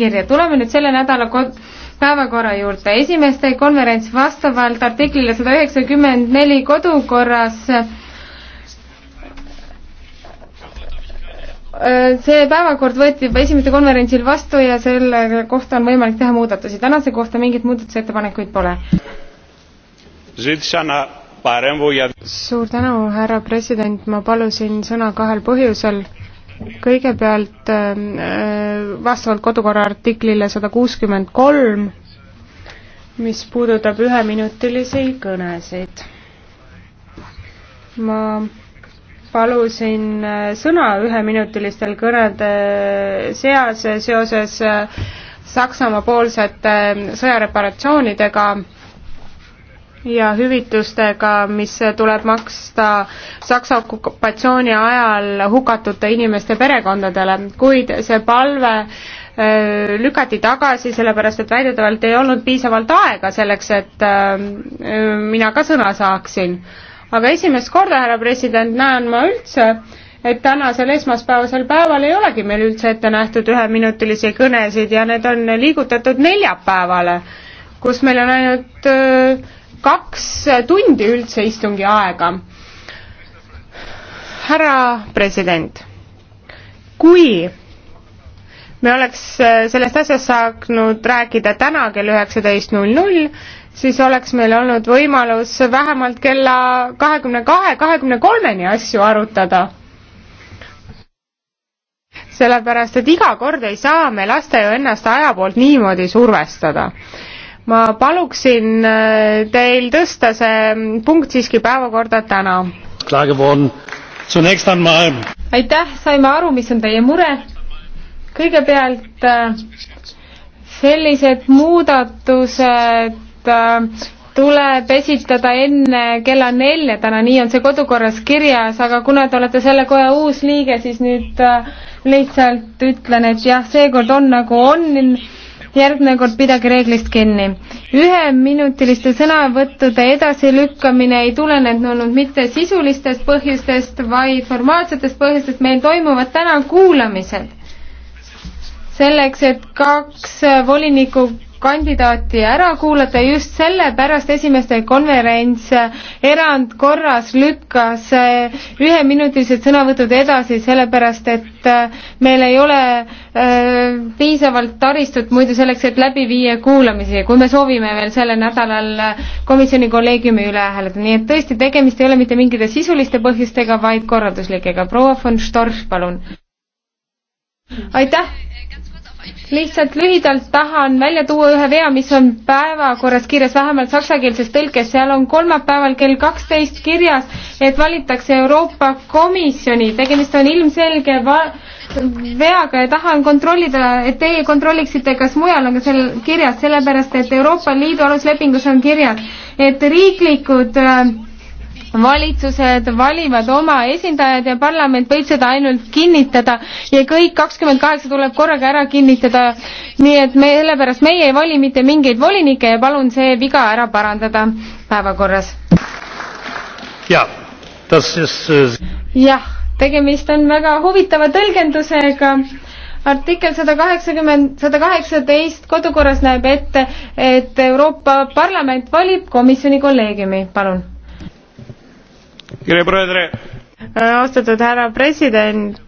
kirja. tuleme nüüd selle nädala kod-, päevakorra juurde. esimeste konverents vastavalt artiklile sada üheksakümmend neli kodukorras see päevakord võeti juba esimesel konverentsil vastu ja selle kohta on võimalik teha muudatusi. tänase kohta mingeid muudatusettepanekuid pole. suur tänu, härra president, ma palusin sõna kahel põhjusel kõigepealt ähm, äh, vastavalt kodukorra artiklile sada kuuskümmend kolm, mis puudutab üheminutilisi kõnesid. ma palusin äh, sõna üheminutilistel kõnede seas seoses äh, Saksamaa-poolsete sõjareparatsioonidega ja hüvitustega, mis tuleb maksta Saksa okupatsiooni ajal hukatute inimeste perekondadele, kuid see palve äh, lükati tagasi, sellepärast et väidetavalt ei olnud piisavalt aega selleks, et äh, mina ka sõna saaksin. aga esimest korda, härra president, näen ma üldse, et tänasel esmaspäevasel päeval ei olegi meil üldse ette nähtud üheminutilisi kõnesid ja need on liigutatud neljapäevale, kus meil on ainult öö, äh, kaks tundi üldse istungi aega. härra president, kui me oleks äh, sellest asjast saanud rääkida täna kell üheksateist null null, siis oleks meil olnud võimalus vähemalt kella kahekümne kahe, kahekümne kolmeni asju arutada. sellepärast, et iga kord ei saa me lasta ju ennast aja poolt niimoodi survestada ma paluksin äh, teil tõsta see punkt siiski päevakorda täna. aitäh, saime aru, mis on teie mure. kõigepealt äh, sellised muudatused äh, tuleb esitada enne kella nelja täna, nii on see kodukorras kirjas, aga kuna te olete selle koja uus liige, siis nüüd lihtsalt ütlen, et jah, seekord on nagu on järgmine kord pidage reeglist kinni. üheminutiliste sõnavõttude edasilükkamine ei tulenenud mitte sisulistest põhjustest, vaid formaalsetest põhjustest, meil toimuvad täna kuulamised selleks, et kaks voliniku kandidaati ära kuulata, just sellepärast esimeste konverents erandkorras lükkas eh, üheminutilised sõnavõtud edasi, sellepärast et eh, meil ei ole eh, piisavalt taristut muidu selleks, et läbi viia kuulamisi, kui me soovime veel sellel nädalal komisjoni kolleegiumi üle hääletada, nii et tõesti, tegemist ei ole mitte mingite sisuliste põhjustega, vaid korralduslikega. proua von Storch, palun. aitäh lihtsalt lühidalt tahan välja tuua ühe vea, mis on päevakorras kirjas vähemalt saksakeelses tõlkes, seal on kolmapäeval kell kaksteist kirjas, et valitakse Euroopa Komisjoni, tegemist on ilmselge va-, veaga ja tahan kontrollida, et teie kontrolliksite, kas mujal on ka seal kirjas, sellepärast et Euroopa Liidu aluslepingus on kirjas, et riiklikud äh, valitsused valivad oma esindajad ja parlament võib seda ainult kinnitada ja kõik kakskümmend kaheksa tuleb korraga ära kinnitada. nii et me, sellepärast meie ei vali mitte mingeid volinikke ja palun see viga ära parandada päevakorras. jah, äh, tegemist on väga huvitava tõlgendusega artikkel sada kaheksakümmend, sada kaheksateist kodukorras näeb ette, et Euroopa Parlament valib komisjoni kolleegiumi, palun austatud härra president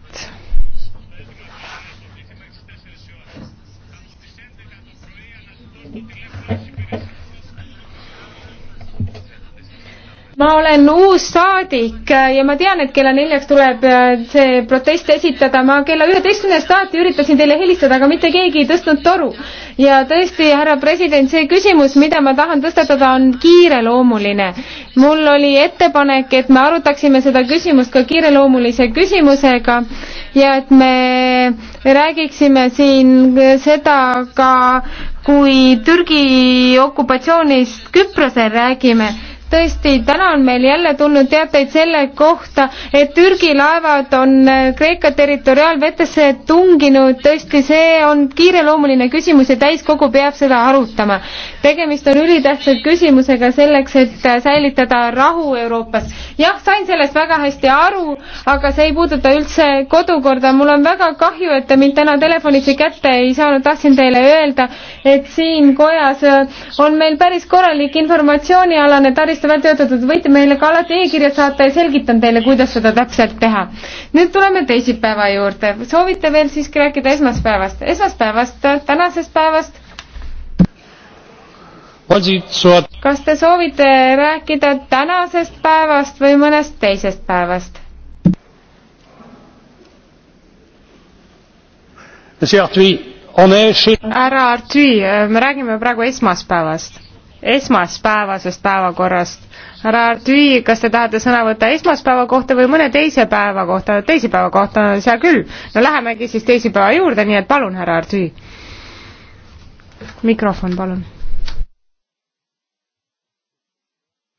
ma olen uus saadik ja ma tean, et kella neljaks tuleb äh, see protest esitada, ma kella üheteistkümnest saati üritasin teile helistada, aga mitte keegi ei tõstnud toru. ja tõesti, härra president, see küsimus, mida ma tahan tõstatada, on kiireloomuline. mul oli ettepanek, et me arutaksime seda küsimust ka kiireloomulise küsimusega ja et me räägiksime siin seda ka, kui Türgi okupatsioonist Küprosel räägime tõesti, täna on meil jälle tulnud teateid selle kohta, et Türgi laevad on äh, Kreeka territoriaalvetesse tunginud, tõesti, see on kiireloomuline küsimus ja täiskogu peab seda arutama. tegemist on ülitähtsa küsimusega selleks, et äh, säilitada rahu Euroopas. jah, sain sellest väga hästi aru, aga see ei puuduta üldse kodukorda, mul on väga kahju, et te mind täna telefonitsi kätte ei saanud, tahtsin teile öelda, et siin kojas äh, on meil päris korralik informatsioonialane taristu, aasta välja töötatud, võite meile ka alati e-kirjad saata ja selgitan teile, kuidas seda täpselt teha. nüüd tuleme teisipäeva juurde, soovite veel siiski rääkida esmaspäevast, esmaspäevast, tänasest päevast? kas te soovite rääkida tänasest päevast või mõnest teisest päevast? härra Artüi, me räägime praegu esmaspäevast esmaspäevasest päevakorrast. härra Artüi, kas te tahate sõna võtta esmaspäeva kohta või mõne teise päeva kohta, teisipäeva kohta, hea küll. no lähemegi siis teisipäeva juurde, nii et palun, härra Artüi. mikrofon, palun.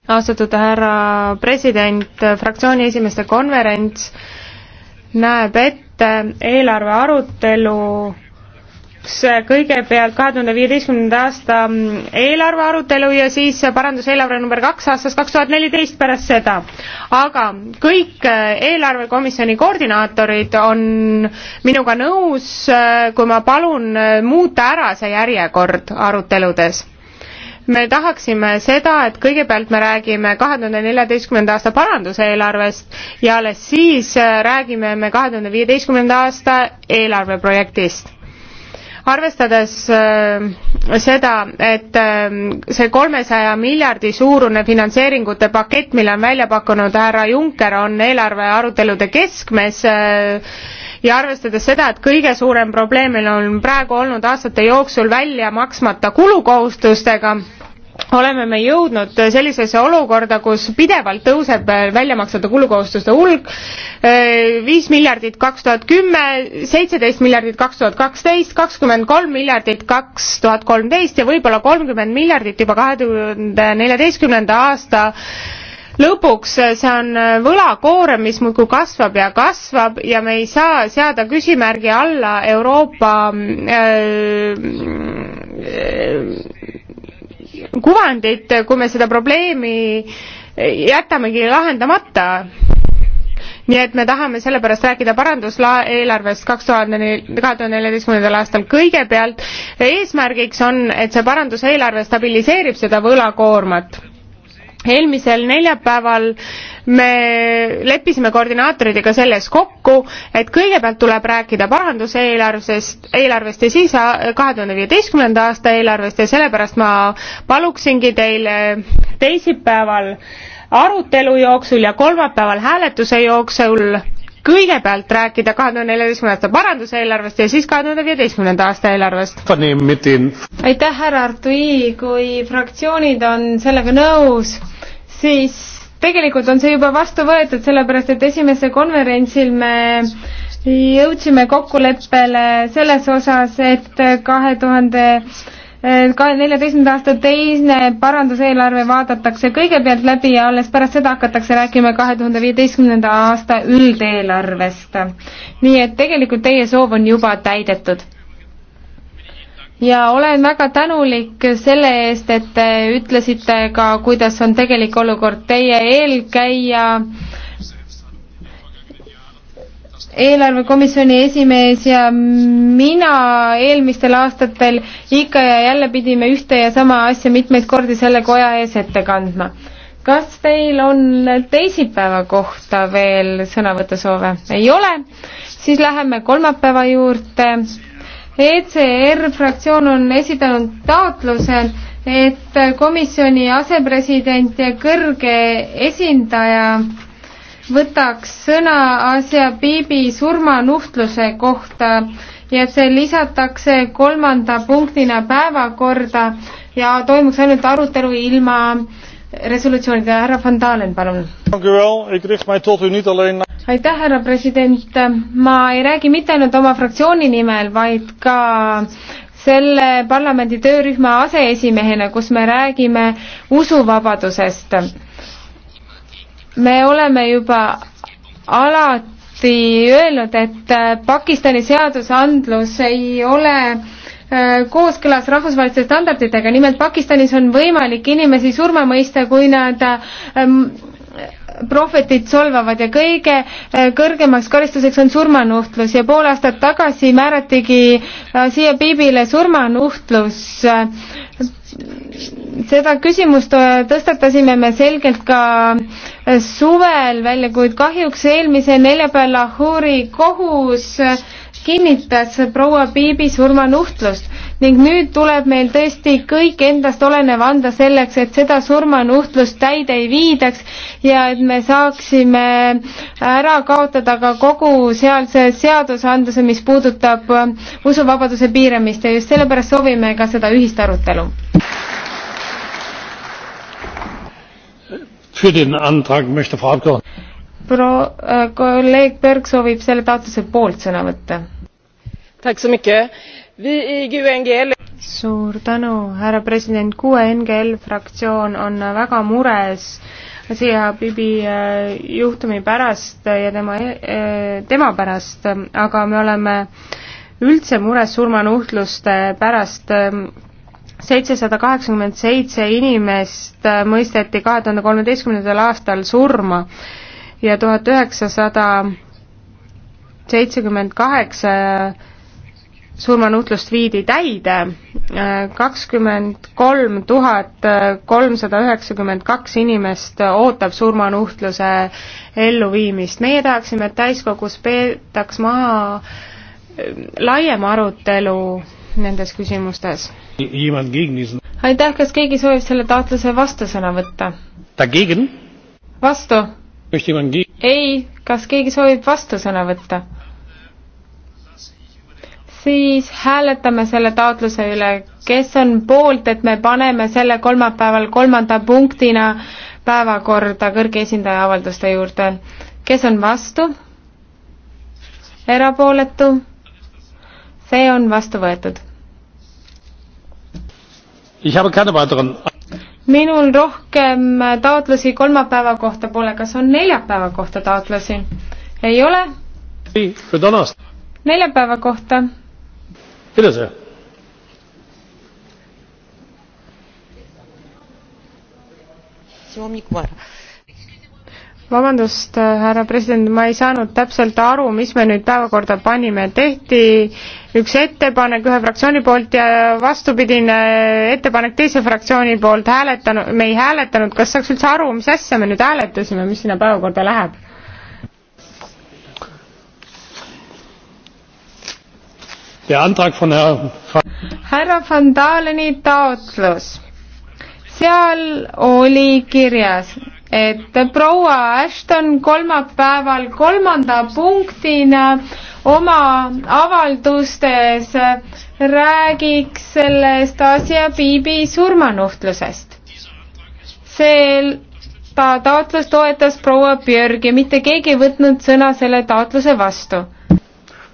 austatud härra president, fraktsiooni esimeeste konverents näeb ette eelarve arutelu kaks, äh, kõigepealt kahe tuhande viieteistkümnenda aasta mm, eelarve arutelu ja siis äh, paranduseelarve number kaks aastast kaks tuhat neliteist pärast seda. aga kõik äh, eelarvekomisjoni koordinaatorid on minuga nõus, kui ma palun muuta ära see järjekord aruteludes me tahaksime seda, et kõigepealt me räägime kahe tuhande neljateistkümnenda aasta paranduseelarvest ja alles siis räägime me kahe tuhande viieteistkümnenda aasta eelarveprojektist arvestades äh, seda, et ähm, see kolmesaja miljardi suurune finantseeringute pakett, mille on välja pakkunud härra Juncker, on eelarve arutelude keskmes äh, ja arvestades seda, et kõige suurem probleem meil on praegu olnud aastate jooksul välja maksmata kulukohustustega, oleme me jõudnud sellisesse olukorda, kus pidevalt tõuseb väljamaksvate kulukohustuste hulk, viis miljardit kaks tuhat kümme, seitseteist miljardit kaks tuhat kaksteist, kakskümmend kolm miljardit kaks tuhat kolmteist ja võib-olla kolmkümmend miljardit juba kahe tuhande neljateistkümnenda aasta lõpuks see on võlakoorem, mis muudkui kasvab ja kasvab ja me ei saa seada küsimärgi alla Euroopa öö, äh, öö, kuvandit, kui me seda probleemi jätamegi lahendamata. nii et me tahame sellepärast rääkida paranduseelarvest kaks tuhande nel-, kahe tuhande neljateistkümnendal aastal kõigepealt. eesmärgiks on, et see paranduseelarve stabiliseerib seda võlakoormat eelmisel neljapäeval me leppisime koordinaatoritega selles kokku, et kõigepealt tuleb rääkida paranduseelarvest, eelarvest ja siis äh, kahe tuhande viieteistkümnenda aasta eelarvest ja sellepärast ma paluksingi teile teisipäeval arutelu jooksul ja kolmapäeval hääletuse jooksul kõigepealt rääkida kahe tuhande neljateistkümnenda aasta paranduseelarvest ja siis kahe tuhande viieteistkümnenda aasta eelarvest. aitäh, härra Artui, kui fraktsioonid on sellega nõus, siis tegelikult on see juba vastu võetud, sellepärast et esimesel konverentsil me jõudsime kokkuleppele selles osas, et kahe 2000... tuhande Äh, kahe neljateistkümnenda aasta teine paranduseelarve vaadatakse kõigepealt läbi ja alles pärast seda hakatakse rääkima kahe tuhande viieteistkümnenda aasta üldeelarvest. nii et tegelikult teie soov on juba täidetud. ja olen väga tänulik selle eest, et te ütlesite ka, kuidas on tegelik olukord. Teie eelkäija äh, eelarvekomisjoni esimees ja mina eelmistel aastatel ikka ja jälle pidime ühte ja sama asja mitmeid kordi selle koja ees ette kandma. kas teil on teisipäeva kohta veel sõnavõtusoove? ei ole? siis läheme kolmapäeva juurde. ECR fraktsioon on esitanud taotluse, et komisjoni asepresident ja kõrge esindaja võtaks sõna asja Biibi surmanuhtluse kohta ja see lisatakse kolmanda punktina päevakorda ja toimuks ainult arutelu ilma resolutsioonide. härra Van Dalen, palun. aitäh, härra president. ma ei räägi mitte ainult oma fraktsiooni nimel, vaid ka selle parlamendi töörühma aseesimehena, kus me räägime usuvabadusest me oleme juba alati öelnud, et äh, Pakistani seadusandlus ei ole äh, kooskõlas rahvusvaheliste standarditega, nimelt Pakistanis on võimalik inimesi surma mõista, kui nad ähm, prohvetit solvavad ja kõige äh, kõrgemaks karistuseks on surmanuhtlus ja pool aastat tagasi määratigi Siia Piibile surmanuhtlus seda küsimust äh, tõstatasime me selgelt ka äh, suvel välja, kuid kahjuks eelmise neljapäeval Lahori kohus äh, kinnitas proua Biibi surmanuhtlust ning nüüd tuleb meil tõesti kõik endast olenev anda selleks, et seda surmanuhtlust täide ei viidaks ja et me saaksime ära kaotada ka kogu sealse seadusandluse, mis puudutab äh, usuvabaduse piiramist ja just sellepärast soovime ka seda ühist arutelu. Für den Antrag möchte Frau Abgeordnete pro-, äh, kolleeg Berg soovib selle taotluse poolt sõna võtta suur tänu, härra president, kuue NGL fraktsioon on väga mures Asia Bibi äh, juhtumi pärast ja tema, e-, e-, tema pärast, aga me oleme üldse mures surmanuhtluste pärast. seitsesada kaheksakümmend seitse inimest mõisteti kahe tuhande kolmeteistkümnendal aastal surma ja tuhat üheksasada seitsekümmend kaheksa surmanuhtlust viidi täide, kakskümmend kolm tuhat kolmsada üheksakümmend kaks inimest ootab surmanuhtluse elluviimist. meie tahaksime, et täiskogus peetaks maha äh, laiem arutelu nendes küsimustes. aitäh, kas keegi soovib selle taotluse vastusõna võtta? vastu? ei, kas keegi soovib vastusõna võtta? siis hääletame selle taotluse üle, kes on poolt, et me paneme selle kolmapäeval kolmanda punktina päevakorda kõrge esindaja avalduste juurde. kes on vastu? erapooletu? see on vastu võetud. minul rohkem taotlusi kolmapäeva kohta pole, kas on neljapäeva kohta taotlusi? ei ole? neljapäeva kohta bitte sehr! vabandust äh, härra president ma ei saanud täpselt aru mis me nüüd päevakorda panime tehti üks ettepanek ühe fraktsiooni poolt ja vastupidine ettepanek teise fraktsiooni poolt hääletanud me ei hääletanud kas saaks üldse aru mis asja me nüüd hääletasime mis sinna päevakorda läheb? härra Van Daleni taotlus, seal oli kirjas, et proua Ashton kolmapäeval kolmanda punktina oma avaldustes räägiks sellest Asia Biibi surmanuhtlusest. see ta taotlus toetas proua Björg ja mitte keegi ei võtnud sõna selle taotluse vastu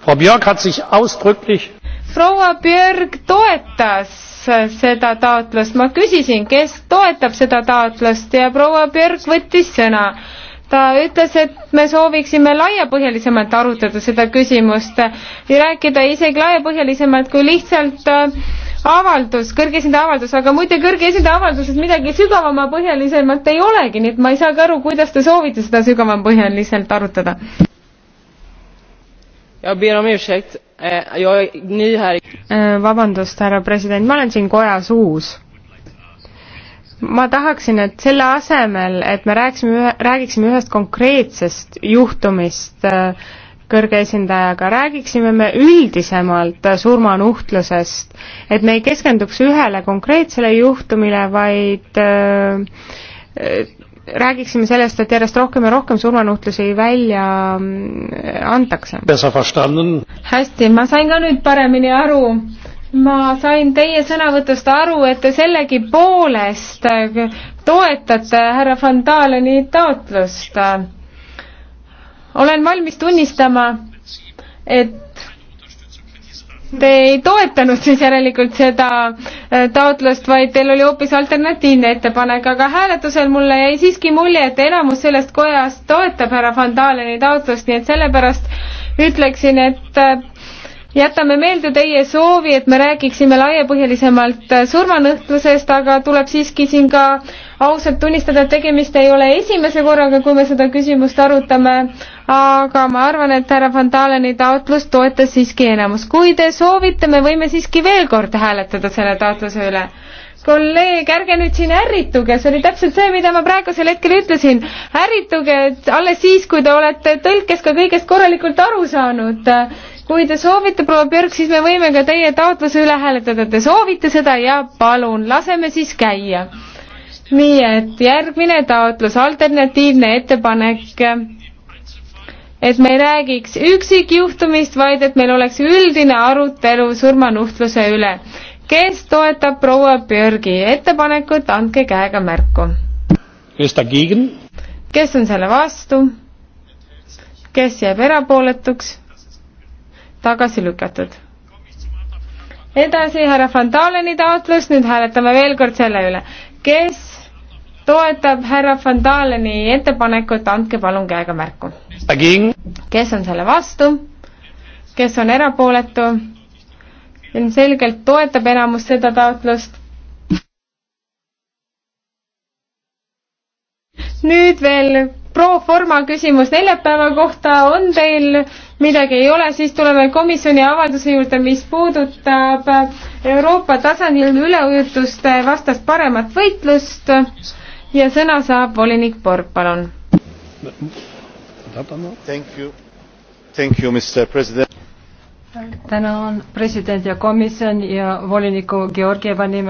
Frau Björk hat sich ausdrücklich proua Björg toetas seda taotlust, ma küsisin, kes toetab seda taotlust ja proua Björg võttis sõna. ta ütles, et me sooviksime laiapõhjalisemalt arutada seda küsimust ja rääkida isegi laiapõhjalisemalt kui lihtsalt äh, avaldus, kõrge esindaja avaldus, aga muide, kõrge esindaja avalduses midagi sügavama põhjalisemat ei olegi, nii et ma ei saagi aru, kuidas te soovite seda sügavapõhjaliselt arutada Eh, eh, vabandust, härra president, ma olen siin kojas uus. ma tahaksin, et selle asemel, et me rääkisime, räägiksime ühest konkreetsest juhtumist äh, kõrge esindajaga, räägiksime me üldisemalt äh, surmanuhtlusest, et me ei keskenduks ühele konkreetsele juhtumile, vaid äh, äh räägiksime sellest, et järjest rohkem ja rohkem surmanuhtlusi välja mm, antakse. hästi, ma sain ka nüüd paremini aru. ma sain teie sõnavõtust aru, et te sellegipoolest toetate härra von Daleni taotlust. olen valmis tunnistama, et Te ei toetanud siis järelikult seda äh, taotlust, vaid teil oli hoopis alternatiivne ettepanek, aga hääletusel mulle jäi siiski mulje, et enamus sellest kojast toetab härra Van Daleni taotlust, nii et sellepärast ütleksin, et äh, jätame meelde teie soovi, et me räägiksime laiapõhjalisemalt surmanõhtlusest, aga tuleb siiski siin ka ausalt tunnistada, et tegemist ei ole esimese korraga, kui me seda küsimust arutame, aga ma arvan, et härra Van Daleni taotlust toetas siiski enamus. kui te soovite, me võime siiski veel kord hääletada selle taotluse üle kolleeg, ärge nüüd siin ärrituge, see oli täpselt see, mida ma praegusel hetkel ütlesin. ärrituge, et alles siis, kui te olete tõlkes ka kõigest korralikult aru saanud kui te soovite, proua Björk, siis me võime ka teie taotluse üle hääletada, te soovite seda ja palun, laseme siis käia. nii et järgmine taotlus, alternatiivne ettepanek, et me ei räägiks üksikjuhtumist, vaid et meil oleks üldine arutelu surmanuhtluse üle. kes toetab proua Björgi ettepanekut, andke käega märku. kes on selle vastu? kes jääb erapooletuks? tagasi lükatud. edasi härra Van Daleni taotlus, nüüd hääletame veel kord selle üle. kes toetab härra Van Daleni ettepanekut, andke palun käega märku. kes on selle vastu? kes on erapooletu? ilmselgelt toetab enamus seda taotlust. nüüd veel pro forma küsimus neljapäeva kohta on teil midagi ei ole, siis tuleme komisjoni avalduse juurde, mis puudutab Euroopa tasandil üleujutuste vastast paremat võitlust ja sõna saab volinik Borg, palun. tänan president ja komisjon ja voliniku Georgieva nimel.